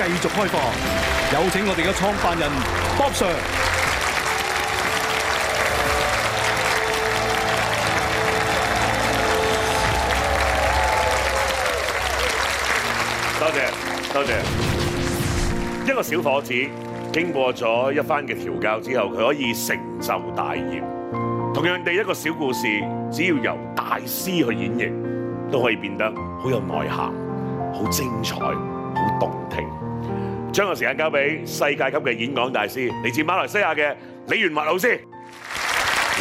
繼續開放，有請我哋嘅創辦人 Bob Sir。多謝，多謝，謝。一個小伙子經過咗一番嘅調教之後，佢可以成就大業。同樣地，一個小故事，只要由大師去演繹，都可以變得好有內涵、好精彩、好動聽。將個時間交俾世界級嘅演講大師，嚟自馬來西亞嘅李炫華老師。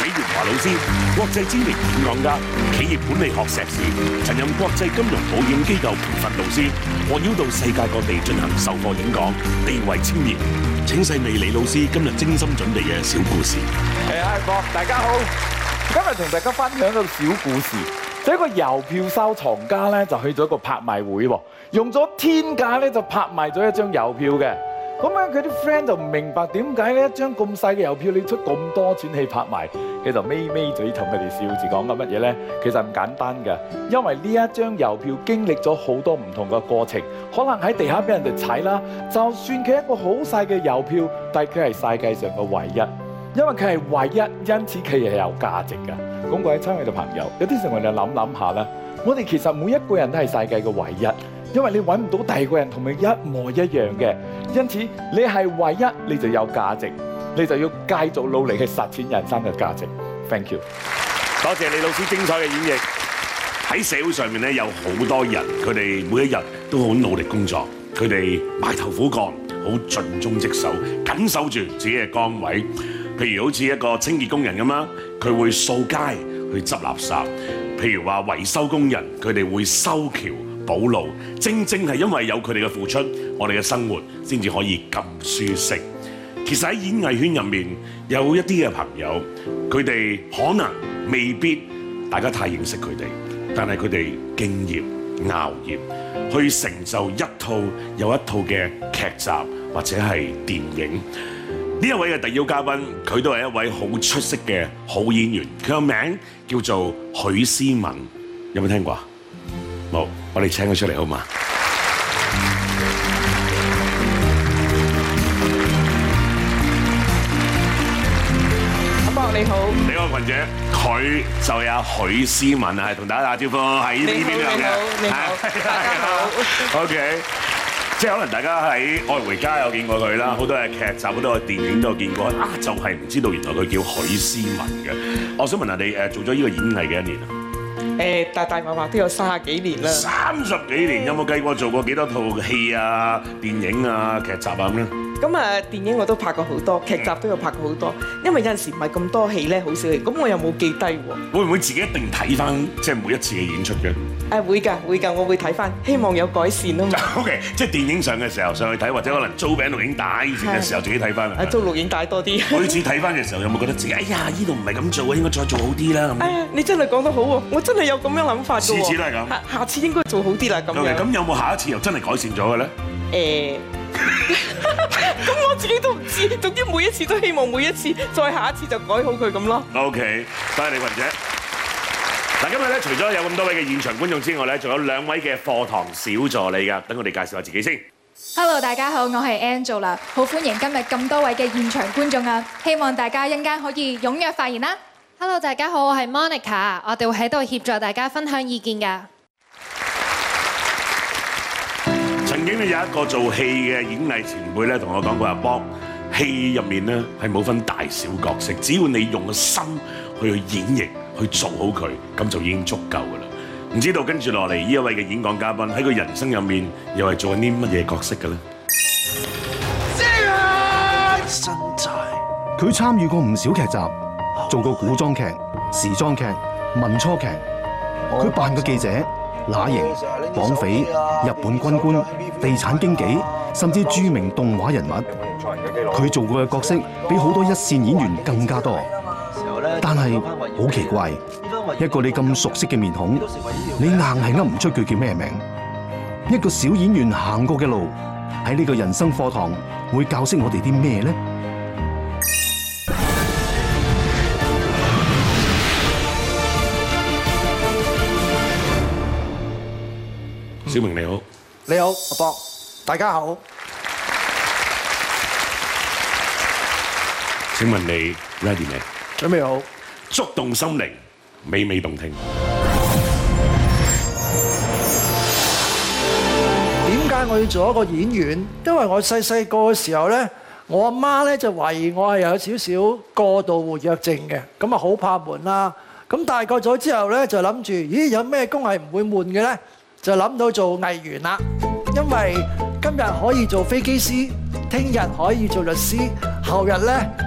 李炫華老師，國際知名演講家，企業管理學碩士，曾任國際金融保險機構培訓導師，環繞到世界各地進行授課演講，地位超然。請細味李老師今日精心準備嘅小故事。誒，阿哥，大家好，今日同大家分享個小故事。一個郵票收藏家咧就去咗個拍賣會，用咗天價咧就拍賣咗一張郵票嘅。咁樣佢啲 friend 就唔明白點解呢一張咁細嘅郵票你出咁多錢去拍賣？佢就咪咪嘴同佢哋笑住講緊乜嘢咧？其實唔簡單噶，因為呢一張郵票經歷咗好多唔同嘅過程，可能喺地下俾人哋踩啦。就算佢係一個好細嘅郵票，但係佢係世界上嘅唯一，因為佢係唯一，因此佢係有價值噶。咁各位親愛嘅朋友，有啲時候你諗諗下啦。我哋其實每一個人都係世界嘅唯一，因為你揾唔到第二個人同你一模一樣嘅，因此你係唯一，你就有價值，你就要繼續努力去實踐人生嘅價值。Thank you，多謝李老師精彩嘅演繹。喺社會上面咧，有好多人，佢哋每一日都好努力工作，佢哋埋頭苦幹，好盡忠職守，緊守住自己嘅崗位。譬如好似一個清潔工人咁啦，佢會掃街去執垃圾；譬如話維修工人，佢哋會修橋補路。正正係因為有佢哋嘅付出，我哋嘅生活先至可以咁舒適。其實喺演藝圈入面，有一啲嘅朋友，佢哋可能未必大家太認識佢哋，但係佢哋敬業樂業，去成就一套又一套嘅劇集或者係電影。呢一位嘅特邀嘉賓，佢都係一位好出色嘅好演員，佢個名叫做許思敏，有冇聽過啊？冇，我哋請佢出嚟好嘛？阿博，你好，你好，群姐，佢就係阿許思敏，係同大家打招呼，喺呢邊嘅，你好，你好，大家好，OK。好。即係可能大家喺《愛回家》有見過佢啦，好多嘅劇集、好多嘅電影都有見過。啊，就係、是、唔知道原來佢叫許思敏嘅。我想問下你誒，你做咗呢個演藝幾多年啊？誒、呃，大大話話都有三十幾年啦。三十幾年有冇計過做過幾多套戲啊、電影啊、劇集啊咁咧？咁啊，電影我都拍過好多，劇集都有拍過好多。因為有陣時唔係咁多戲咧，好少戲。咁我又冇記低喎。會唔會自己一定睇翻即係每一次嘅演出嘅？誒會㗎會㗎，我會睇翻，希望有改善啦嘛。O、okay, K，即係電影上嘅時候上去睇，或者可能租餅錄影帶以前嘅時候自己睇翻。啊的，的租錄影帶多啲。每次睇翻嘅時候有冇覺得自己，哎呀，呢度唔係咁做啊，應該再做好啲啦咁？你真係講得好喎，我真係有咁樣諗法。次次都係咁。下次應該做好啲啦咁。咁、okay, 有冇下一次又真係改善咗嘅咧？誒、欸，咁 我自己都唔知，總之每一次都希望每一次再下一次就改好佢咁咯。O K，多謝李雲姐。嗱，今日咧除咗有咁多位嘅現場觀眾之外咧，仲有兩位嘅課堂小助理㗎，等我哋介紹下自己先。Hello，大家好，我係 Angel 啦，好歡迎今日咁多位嘅現場觀眾啊！希望大家一間可以踴躍發言啦。Hello，大家好，我係 Monica，我哋會喺度協助大家分享意見㗎。曾經咧有一個做戲嘅演藝前輩咧，同我講過話：博戲入面咧係冇分大小角色，只要你用個心去去演繹去做好佢，咁就已經足夠噶啦。唔知道跟住落嚟呢一位嘅演講嘉賓喺佢人生入面又係做緊啲乜嘢角色嘅咧？佢參與過唔少劇集，做過古裝劇、時裝劇、民初劇。佢扮過記者、乸型、綁匪、日本軍官、地產經紀，甚至著名動畫人物。佢做過嘅角色比好多一線演員更加多，但係，好奇怪，一個你咁熟悉嘅面孔，你硬係噏唔出佢叫咩名？一個小演員行過嘅路，喺呢個人生課堂會教識我哋啲咩呢？小明你好。你好阿博，大家好。請問你 ready 未？準備好。觸動心靈，美美動聽。點解我要做一個演員？因為我細細個嘅時候呢，我阿媽呢就懷疑我係有少少過度活躍症嘅，咁啊好怕悶啦。咁大個咗之後呢，就諗住，咦有咩工係唔會悶嘅呢？就諗到做藝員啦。因為今日可以做飛機師，聽日可以做律師，後日呢。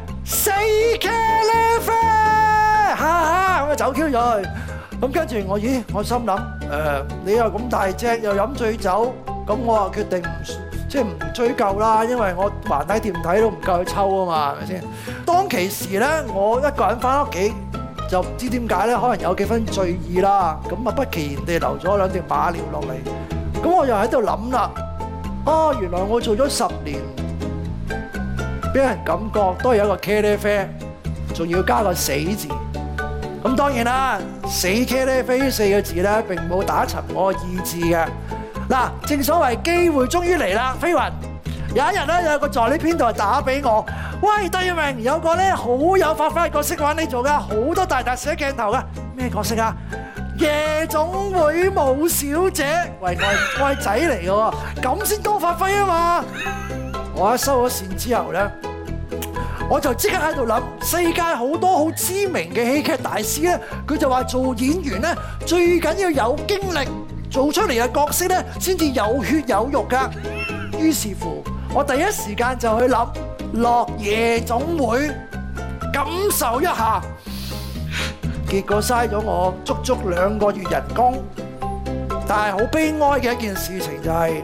死 care 咧，friend，哈哈，我走 Q 咗去。咁跟住我，咦，我心諗，誒，你又咁大隻，又飲醉酒，咁我啊決定唔即係唔追究啦，因為我橫睇掂睇都唔夠佢抽啊嘛，係咪先？當其時咧，我一個人返屋企就唔知點解咧，可能有幾分醉意啦。咁啊不其然地留咗兩條馬尿落嚟。咁我又喺度諗啦，哦，原來我做咗十年。俾人感覺都係一個茄哩啡，仲要加個死字。咁當然啦，死茄哩啡呢四個字咧並冇打沉我意志嘅。嗱，正所謂機會終於嚟啦，飛雲。有一日咧，有個助理編導打俾我，喂，戴耀明有個咧好有發揮嘅角色揾你做㗎，好多大特寫鏡頭㗎。咩角色啊？夜總會舞小姐，喂喂，我係仔嚟嘅喎，咁先多發揮啊嘛！我收咗線之後呢，我就即刻喺度諗，世界好多好知名嘅戲劇大師呢，佢就話做演員呢，最緊要有經歷，做出嚟嘅角色呢，先至有血有肉㗎。於是乎，我第一時間就去諗落夜總會感受一下，結果嘥咗我足足兩個月人工，但係好悲哀嘅一件事情就係。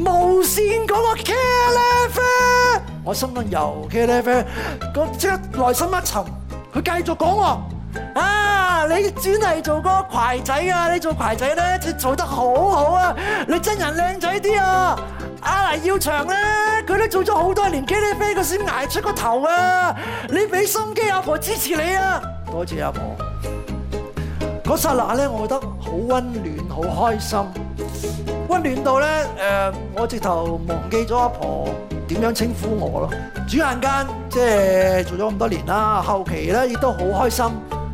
無綫嗰個茄哩啡，我心諗又茄哩啡，個即刻內心一沉，佢繼續講我啊，你專係做嗰個葵仔啊，你做葵仔咧，即做得好好啊，你真人靚仔啲啊，阿黎耀祥咧，佢都做咗好多年茄哩啡，佢先捱出個頭啊，你俾心機，阿婆支持你啊，多謝阿婆，嗰剎那咧，我覺得好溫暖，好開心。溫暖到咧，誒，我直頭忘記咗阿婆點樣稱呼我咯。轉眼間即係做咗咁多年啦，後期咧亦都好開心。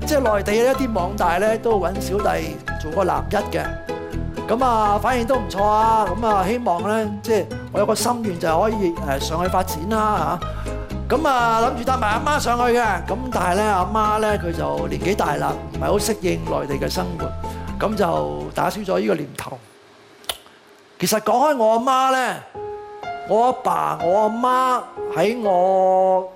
即係內地嘅一啲網大咧都搵小弟做個男一嘅，咁啊，反應都唔錯啊。咁啊，希望咧即係我有個心願就係可以誒上去發展啦吓。咁啊諗住帶埋阿媽上去嘅，咁但係咧阿媽咧佢就年紀大啦，唔係好適應內地嘅生活，咁就打消咗呢個念頭。其實講開我阿媽咧，我阿爸、我阿媽喺我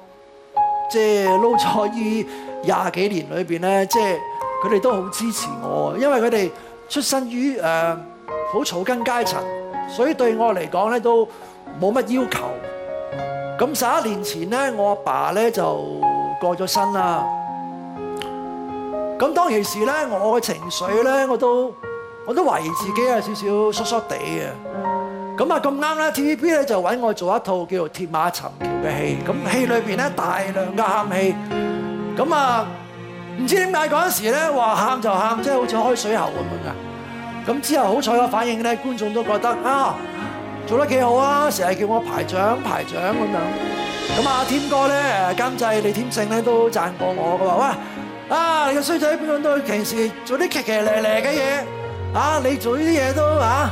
即係撈咗呢廿幾年裏邊咧，即係佢哋都好支持我，因為佢哋出身於誒好、呃、草根階層，所以對我嚟講咧都冇乜要求。咁十一年前咧，我阿爸咧就過咗身啦。咁當其時咧，我嘅情緒咧我都。我都懷疑自己有少少縮縮地嘅咁啊，咁啱啦，T.V.B. 咧就揾我做一套叫做《鐵馬尋橋》嘅戲，咁戲裏邊咧大量嘅喊戲，咁啊唔知點解嗰陣時咧話喊就喊，即係好似開水喉咁樣嘅。咁之後好彩嘅反應咧，觀眾都覺得啊做得幾好啊，成日叫我排長排長咁樣。咁啊，添哥咧監製李添勝咧都讚過我嘅話，哇啊你個衰仔邊個都歧視做啲騎騎瀝瀝嘅嘢。啊！你做呢啲嘢都啊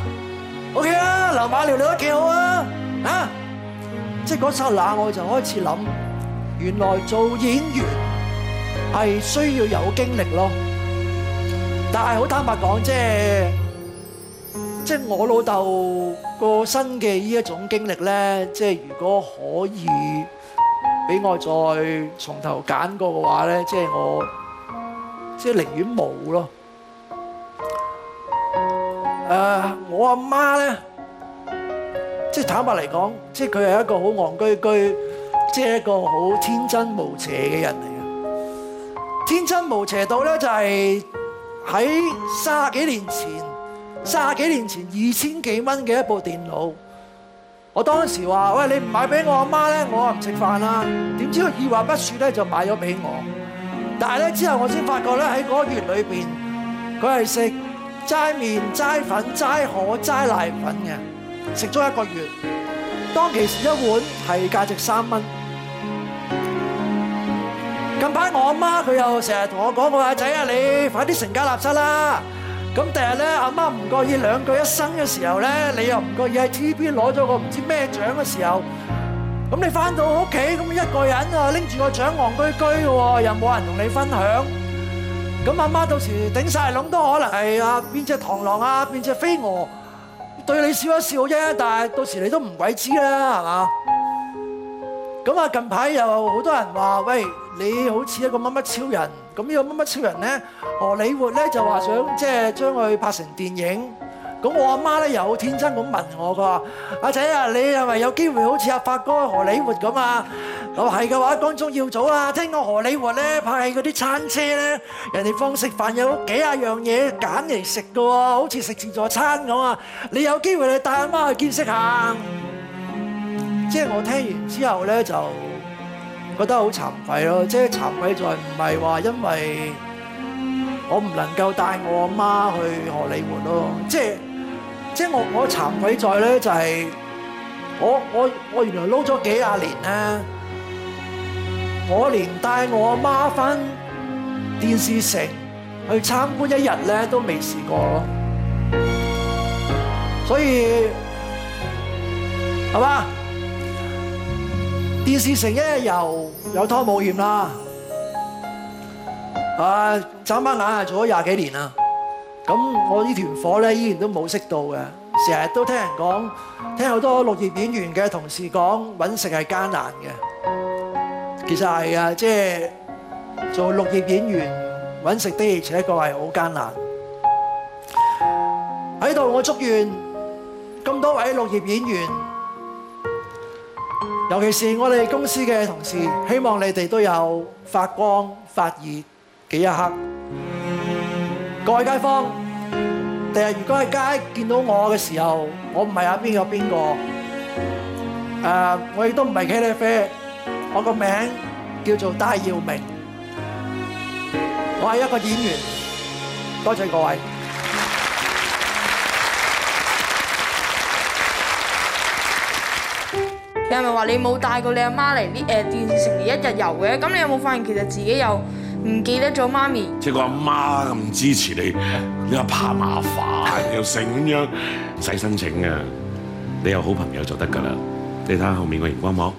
，OK 啦，流馬尿都幾好啊！啊，即係嗰剎那，我就開始諗，原來做演員係需要有經歷咯。但係好坦白講，即係即係我老豆過身嘅呢一種經歷咧，即係如果可以俾我再從頭揀過嘅話咧，即係我即係寧願冇咯。誒，uh, 我阿媽咧，即係坦白嚟講，即係佢係一個好戇居居，即係一個好天真無邪嘅人嚟嘅。天真無邪到咧就係喺卅幾年前，卅幾年前二千幾蚊嘅一部電腦，我當時話：喂，你唔買俾我阿媽咧，我啊唔食飯啦。點知佢二話不說咧就買咗俾我。但係咧之後我先發覺咧喺嗰月裏邊，佢係食。齋麵、齋粉、齋河、齋奶粉嘅，食咗一個月。當其時一碗係價值三蚊。近排我阿媽佢又成日同我講：我阿仔啊，你快啲成家立室啦。咁第日咧，阿媽唔覺意兩句一生嘅時候咧，你又唔覺意喺 TVB 攞咗個唔知咩獎嘅時候，咁你翻到屋企咁一個人啊拎住個獎戇居居嘅喎，又冇人同你分享。咁阿媽到時頂曬籠都可能係阿變隻螳螂啊，變隻飛蛾對你笑一笑啫，但係到時你都唔鬼知啦，係嘛？咁啊近排又好多人話，喂，你好似一個乜乜超人，咁呢個乜乜超人咧，荷里活咧就話想即係將佢拍成電影。咁我阿媽咧又好天真咁問我，佢話阿仔啊，你係咪有機會好似阿發哥荷里活咁啊？我係嘅話，光宗耀祖啊！聽講荷里活咧派嗰啲餐車咧，人哋放食飯有幾廿樣嘢揀嚟食㗎喎，好似食自助餐咁啊！你有機會你帶阿媽去見識下。即係我聽完之後咧，就覺得好慚愧咯。即係慚愧在唔係話因為我唔能夠帶我阿媽去荷里活咯，即係即係我我慚愧在咧就係我我我原來撈咗幾廿年咧。我連帶我阿媽翻電視城去參觀一日咧，都未試過咯。所以係嘛？電視城一日遊有湯冇險啦。啊，眨吓眼呀做咗廿幾年啦。咁我呢團火咧依然都冇熄到嘅。成日都聽人講，聽好多綠葉演員嘅同事講，揾食係艱難嘅。其實係噶，即係做綠葉演員揾食的而且確係好艱難。喺度，我祝願咁多位綠葉演員，尤其是我哋公司嘅同事，希望你哋都有發光發熱嘅一刻。各位街坊，第日如果喺街見到我嘅時候，我唔係阿邊個邊個，誒，我亦都唔係茄哩啡。我個名叫做戴耀明，我係一個演員。多謝各位。你係咪話你冇帶過你阿媽嚟啲誒電視城嚟一日遊嘅？咁你有冇發現其實自己又唔記得咗媽咪？即係個阿媽咁支持你，你又怕麻煩、嗯、又成咁樣，唔使申請啊？你有好朋友就得㗎啦。你睇下後面個熒光幕。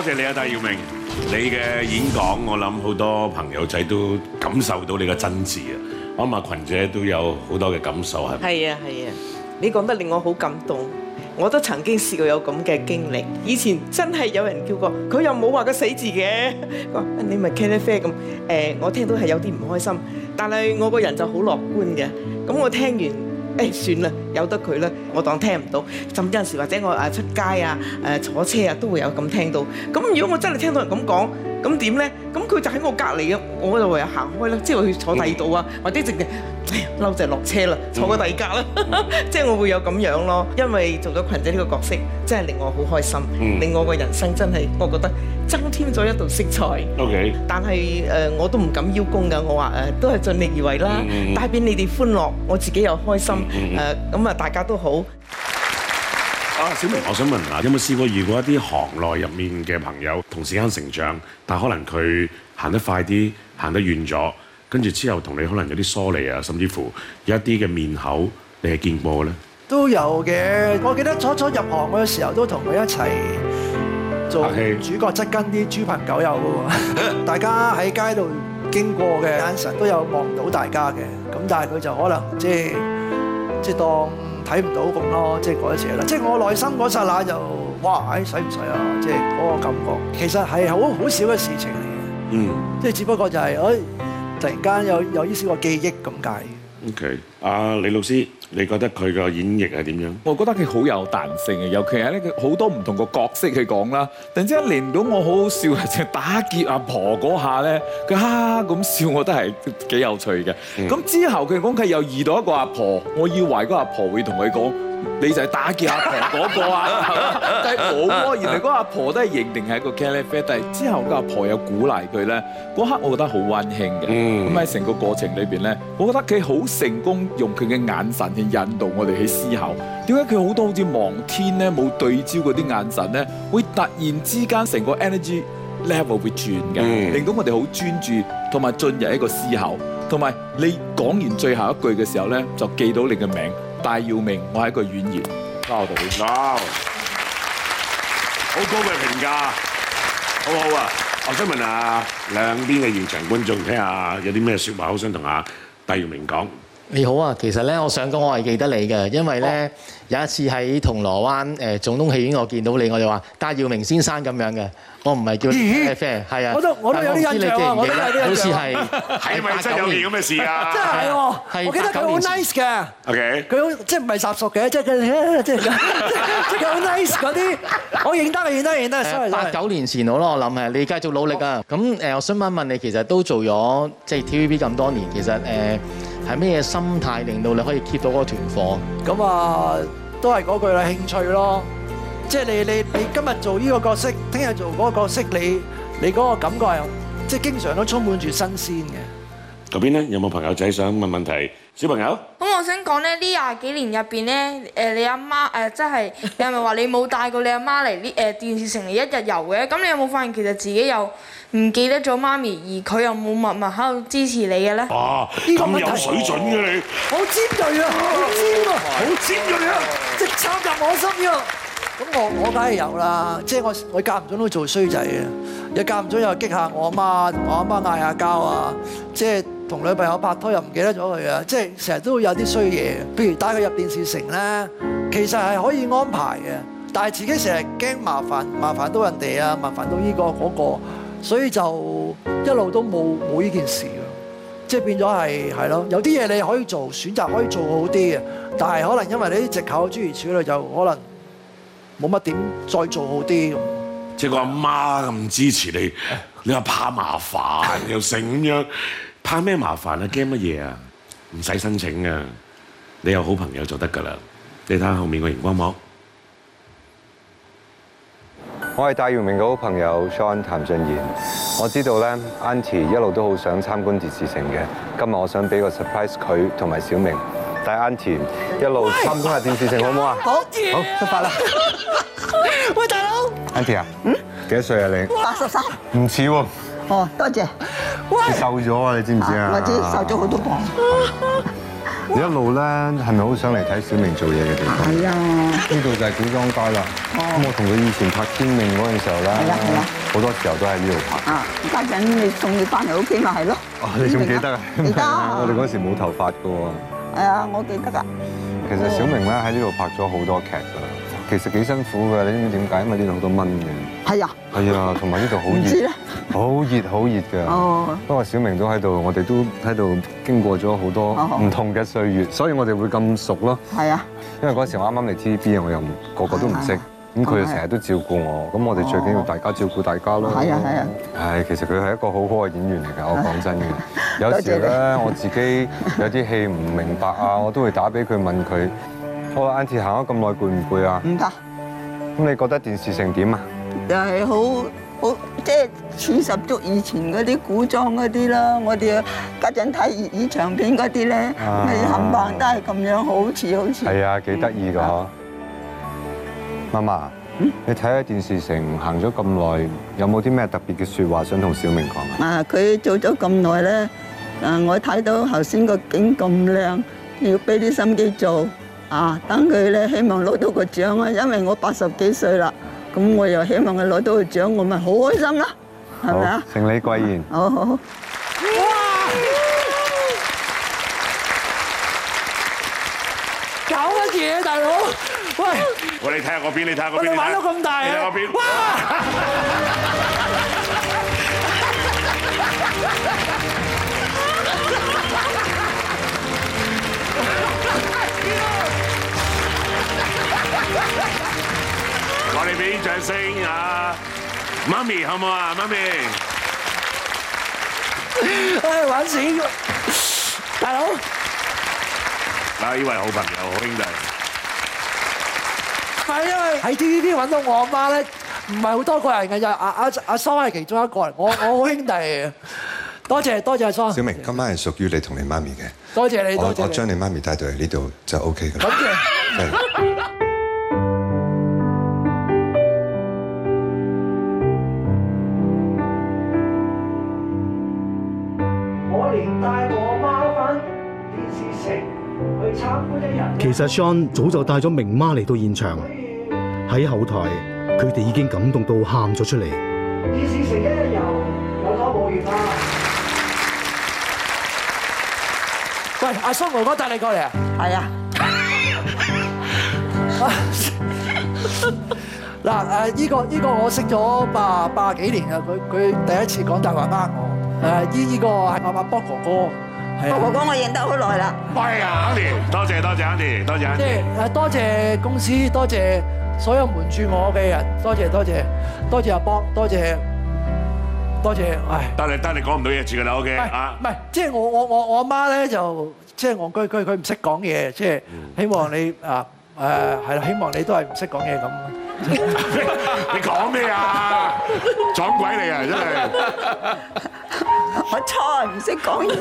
多謝你啊，戴耀明！你嘅演講，我諗好多朋友仔都感受到你嘅真摯啊！我諗阿群姐都有好多嘅感受，係咪？係啊，係啊！你講得令我好感動，我都曾經試過有咁嘅經歷。以前真係有人叫過，佢又冇話個死字嘅，你咪茄哩啡咁？誒，我聽到係有啲唔開心，但係我個人就好樂觀嘅。咁我聽完。誒、哎、算啦，由得佢啦，我當聽唔到。甚至有陣時或者我出街啊、啊坐車啊都會有咁聽到。咁如果我真係聽到人咁講，咁點咧？咁佢就喺我隔離嘅，我就唯有行開啦，即係去坐第二度啊，或者直接。嬲就落車啦，坐過第二格啦，即係、嗯、 我會有咁樣咯。因為做咗群仔呢個角色，真係令我好開心，嗯、令我個人生真係我覺得增添咗一道色彩。OK，的但係誒我都唔敢邀功㗎，我話誒都係盡力而為啦，帶俾、嗯、你哋歡樂，我自己又開心，誒咁啊大家都好。啊，小明，我想問下，有冇試過遇過一啲行內入面嘅朋友同時間成長，但可能佢行得快啲，行得遠咗？跟住之後同你可能有啲疏離啊，甚至乎有一啲嘅面口你係見過嘅咧，都有嘅。我記得初初入行嘅時候都同佢一齊做主角，即跟啲豬朋狗友噶喎。大家喺街度經過嘅眼神都有望到大家嘅，咁但係佢就可能即即當睇唔到咁咯，即嗰一次啦。即、即係、我內心嗰剎那就哇誒，使唔使啊？即係嗰個感覺其實係好好少嘅事情嚟嘅。嗯，即只不過就係、誒突然間有有依絲個記憶咁解。OK，阿李老師，你覺得佢個演繹係點樣？我覺得佢好有彈性嘅，尤其係咧佢好多唔同個角色去講啦。突然之間連到我好好笑，即係打劫阿婆嗰下咧，佢哈哈咁笑我都係幾有趣嘅。咁之後佢講佢又遇到一個阿婆，我以為個阿婆會同佢講。你就係打劫阿婆嗰個啊， 但係冇喎，原來嗰阿婆都係認定係一個茄哩啡，但係之後個阿婆，婆又鼓勵佢咧，嗰刻我覺得好溫馨嘅。咁喺成個過程裏邊咧，我覺得佢好成功用佢嘅眼神去引導我哋去思考。點解佢好多好似望天咧冇對焦嗰啲眼神咧，會突然之間成個 energy level 會轉嘅，令到我哋好專注同埋進入一個思考。同埋你講完最後一句嘅時候咧，就記到你嘅名字。戴耀明，我係一個演員，交到你好高嘅評價，好好啊！我想問下兩邊嘅現場觀眾聽聽什麼說法，聽下有啲咩説話，好想同阿戴耀明講。你好啊，其實咧，我想講我係記得你嘅，因為咧有一次喺銅鑼灣誒總統戲院，我見到你，我就話戴耀明先生咁樣嘅，我唔係叫戴飛，係啊，我都我都有啲印象啊，你記唔記得，好似係係咪八九年咁嘅事啊？真係喎，我記得佢好 nice 嘅，OK，佢好即係唔係殺熟嘅，即係佢，即係即係佢好 nice 嗰啲，我認得認得認得。八九年前好喇，我諗係你繼續努力啊。咁誒，我想問問你，其實都做咗即係 TVB 咁多年，其實誒。係咩嘢心態令到你可以 keep 到嗰個團火？咁啊，都係嗰句啦，興趣咯。即係你你你今日做呢個角色，聽日做嗰個角色，你你嗰個感覺係即係經常都充滿住新鮮嘅。後邊咧有冇朋友仔想問問題？小朋友。我想講咧呢廿幾年入邊咧，誒你阿媽誒即係你係咪話你冇帶過你阿媽嚟呢誒電視城嚟一日遊嘅？咁你有冇發現其實自己又唔記得咗媽咪，而佢又冇默默喺度支持你嘅咧？哇、啊！咁有水準嘅、啊啊、你，好尖銳啊！好尖，哇尖啊！好尖銳啊！即插入我心。咁我我梗係有啦，即、就、係、是、我我間唔中都做衰仔嘅，又間唔中又激下我阿媽，同我阿媽嗌下交啊，即係。同女朋友拍拖又唔記得咗佢啊！即係成日都會有啲衰嘢，譬如帶佢入電視城咧，其實係可以安排嘅，但係自己成日驚麻煩，麻煩到人哋啊，麻煩到呢個嗰個，所以就一路都冇冇呢件事㗎，即係變咗係係咯。有啲嘢你可以做，選擇可以做好啲啊。但係可能因為你啲藉口諸如此類，就可能冇乜點再做好啲。即係個阿媽咁支持你， 你話怕麻煩又成咁樣。怕咩麻煩啊？驚乜嘢啊？唔使申請噶，你有好朋友就得噶啦。你睇下後面個熒光幕，我係戴耀明嘅好朋友 Sean 譚俊賢。我知道咧，Auntie 一路都好想參觀電視城嘅。今日我想俾個 surprise 佢同埋小明，帶 Auntie 一路參觀下電視城，喂好唔好啊？好，好，出發啦！喂，大佬，Auntie 啊，嗯、幾多歲啊你？八十三，唔似喎。哦，多謝，謝。你瘦咗啊，你知唔知啊？或者瘦咗好多磅，啊。你一路咧，係咪好想嚟睇小明做嘢嘅地方？係、哎、呀啊。呢度就係古裝街啦。咁我同佢以前拍《天命》嗰陣時候咧，係啦係啦，好多時候都喺呢度拍。啊，家陣你送你翻嚟屋企咪係咯？哦、啊，你仲記，、啊、記得啊？而家 是。啊、我哋嗰時冇頭髮噶喎。係啊、哎，我記得啊。其實小明咧喺呢度拍咗好多劇噶。其實幾辛苦㗎，你知唔知點解？因為呢度好多蚊嘅，係啊，係啊，同埋呢度好熱，好熱，好熱嘅。哦，不過小明都喺度，我哋都喺度經過咗好多唔同嘅歲月，所以我哋會咁熟咯。係啊，因為嗰時我啱啱嚟 TVB 啊，我又個個都唔識，咁佢就成日都照顧我。咁我哋最緊要大家照顧大家咯。係啊係啊。係，其實佢係一個好好嘅演員嚟㗎。我講真嘅，有時咧我自己有啲戲唔明白啊，我都會打俾佢問佢。我晏前行咗咁耐，攰唔攰啊？唔怕。咁你覺得電視城點啊？又係好好，即係似十足以前嗰啲古裝嗰啲啦。我哋家陣睇粵語長片嗰啲咧，冇冚棒都係咁樣，好似好似。係啊，幾得意噶。媽媽，你睇下電視城行咗咁耐，有冇啲咩特別嘅說話想同小明講啊？啊，佢做咗咁耐咧，啊，我睇到頭先個景咁靚，要俾啲心機做。啊！等佢咧，希望攞到個獎啊！因為我八十幾歲啦，咁我又希望佢攞到個獎，我咪好開心咯，係咪啊？承你貴言。好。哇！搞乜嘢，大佬？喂！喂！你睇下個邊？你睇下個邊？你玩到咁大啊？你睇個邊？哇！阿媽咪，好唔好啊？媽咪，唉，玩死，大佬，嗱，呢位好朋友、好兄弟，係啊，喺 TVB 揾到我阿媽咧，唔係好多個人嘅，就阿阿阿桑係其中一個人，我我好兄弟，多謝多謝阿桑。小明，今晚係屬於你同你媽咪嘅，多謝你，我我將你媽咪帶到嚟呢度就 OK 㗎。好嘅。其實 Sean 早就帶咗明媽嚟到現場，喺後台佢哋已經感動到喊咗出嚟。電視城一日遊有手冇完啦。喂，阿蘇哥哥帶你過嚟啊？係啊、這個。嗱，誒，依個依個我識咗八八幾年啊。佢佢第一次講大話呃我媽媽、這個。誒，依依個係我阿波哥哥，哥。哥哥，我認得好耐啦。喂啊，Auntie，多謝多謝 Auntie，多謝兄弟。即係誒，多謝公司，多謝所有瞞住我嘅人，多謝多謝，多謝阿博，多謝多謝。誒，得你得你講唔到嘢住㗎啦，OK 啊？唔係，即係我我我我媽咧就即係我，佢佢佢唔識講嘢，即係希望你啊誒係啦，希望你都係唔識講嘢咁。你講咩啊？撞鬼你啊！真係。我錯，唔識講嘢。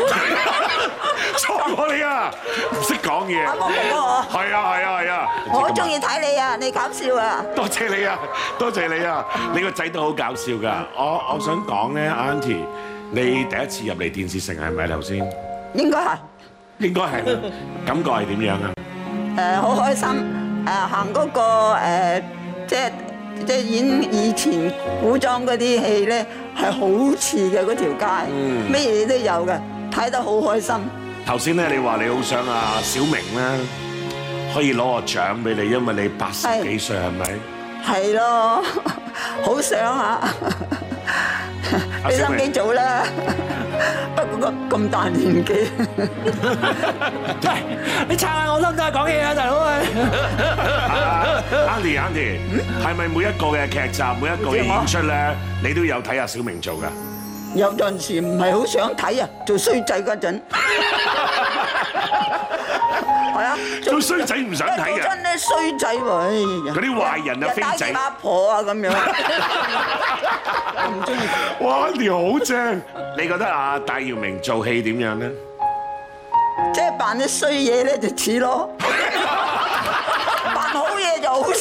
錯過你啊，唔識講嘢。冇錯啊。係啊，係啊，係啊。我好中意睇你啊，你搞笑啊。多謝你啊，多謝你啊，你個仔都好搞笑㗎。我我想講咧，Auntie，你第一次入嚟電視城係咪頭先？應該係。應該係。感覺係點樣啊？誒，好開心。誒，行嗰個誒，即係即係演以前古裝嗰啲戲咧。係好似嘅嗰條街，嗯，咩嘢都有嘅，睇得好開心。頭先咧，你話你好想阿小明咧，可以攞個獎俾你，因為你八十幾歲係咪？係咯，好想啊！你心機做啦，不過咁咁大年紀，喂，你撐下我都唔得講嘢啊，大佬！Aunty，Aunty，係咪每一個嘅劇集，每一個演出咧，你都有睇阿小明做噶？有陣時唔係好想睇啊，做衰仔嗰陣，係啊，做衰仔唔想睇啊，真係衰仔喎！嗰啲壞人啊，飛仔啊，阿婆啊，咁樣，我唔中意。哇，Aunty 好正，你覺得啊，戴耀明做戲點樣咧？即係扮啲衰嘢咧，就似咯。好少，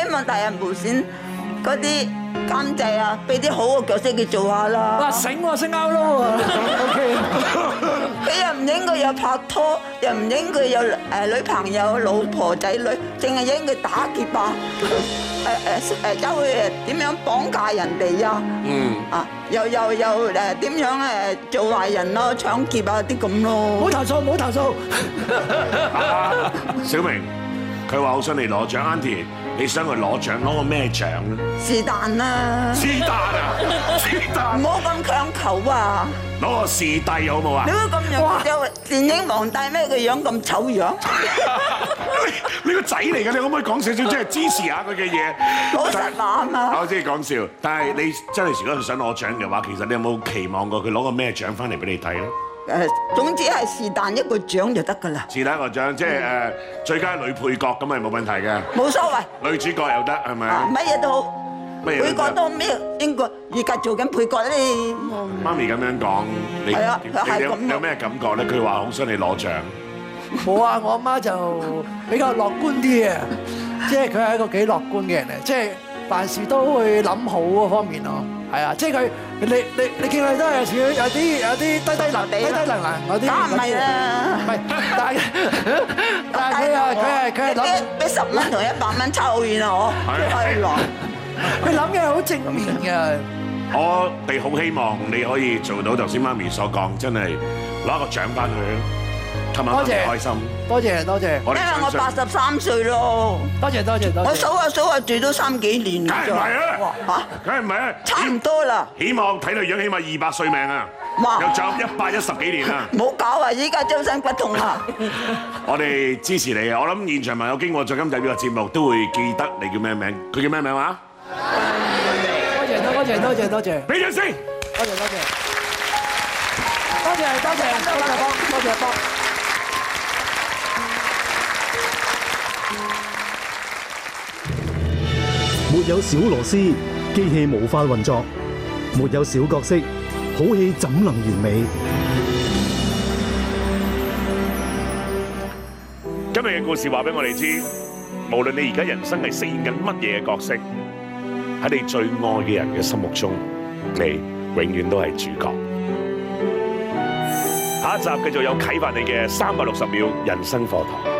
希望 大人唔選嗰啲。監製啊，俾啲好嘅角色佢做下啦。哇，醒喎，識勾咯喎。OK。俾人唔影佢又拍拖，又唔影佢有誒女朋友、老婆仔女，淨係影佢打劫啊！誒誒誒，走去誒點樣綁架人哋呀？嗯。啊，又又又誒點樣誒做壞人咯？搶劫啊啲咁咯。冇投訴，冇投訴。小明，佢話好想嚟攞獎巖田。你想去攞獎攞個咩獎咧？是但啊，是但啊，但，唔好咁強求啊！攞個視帝好冇啊？你個咁樣嘅電影皇帝咩個樣咁醜樣？你個仔嚟嘅，你可唔可以講少少即係支持下佢嘅嘢？攞隻眼啊！但我知講笑， 但係你真係如果係想攞獎嘅話，其實你有冇期望過佢攞個咩獎翻嚟俾你睇咧？誒，總之係是但一個獎就得㗎啦。是但一個獎，即係誒最佳女配角咁係冇問題嘅。冇所謂。女主角又得係咪？乜嘢都好，每個都咩？應該而家做緊配角咧。媽咪咁樣講，你點樣？有咩感覺咧？佢話好想你攞獎。冇啊，我媽就比較樂觀啲啊，即係佢係一個幾樂觀嘅人嚟，即係凡事都會諗好嗰方面咯。係啊，即係佢，你你你見佢都係有時有啲有啲低低落地啦，低，低，低，低能能，嗰啲嘢，梗唔係啦，唔係， 但係但係啊，佢係佢係諗俾十蚊同一百蚊抽完哦，係咯的，佢諗嘢好正面嘅的。我哋好希望你可以做到頭先媽咪所講，真係攞一個獎翻去。多謝，開心。多謝多謝。因為我八十三歲咯。多謝多謝。我數下數下，住都三幾年㗎啫。梗係唔係啦？嚇？梗係唔係？差唔多啦。希望睇到樣，起碼二百歲命啊！又長一百一十幾年啊！唔好搞啊！依家周身骨痛啦。我哋支持你啊！我諗現場朋友經過在今集呢個節目，都會記得你叫咩名？佢叫咩名話？張偉。多謝多謝多謝多謝。俾張先。多謝多謝。多謝多謝多謝波。多謝波。有小螺絲，機器無法運作；沒有小角色，好戲怎能完美？今日嘅故事話俾我哋知，無論你而家人生係飾演緊乜嘢嘅角色，喺你最愛嘅人嘅心目中，你永遠都係主角。下一集繼續有啟發你嘅三百六十秒人生課堂。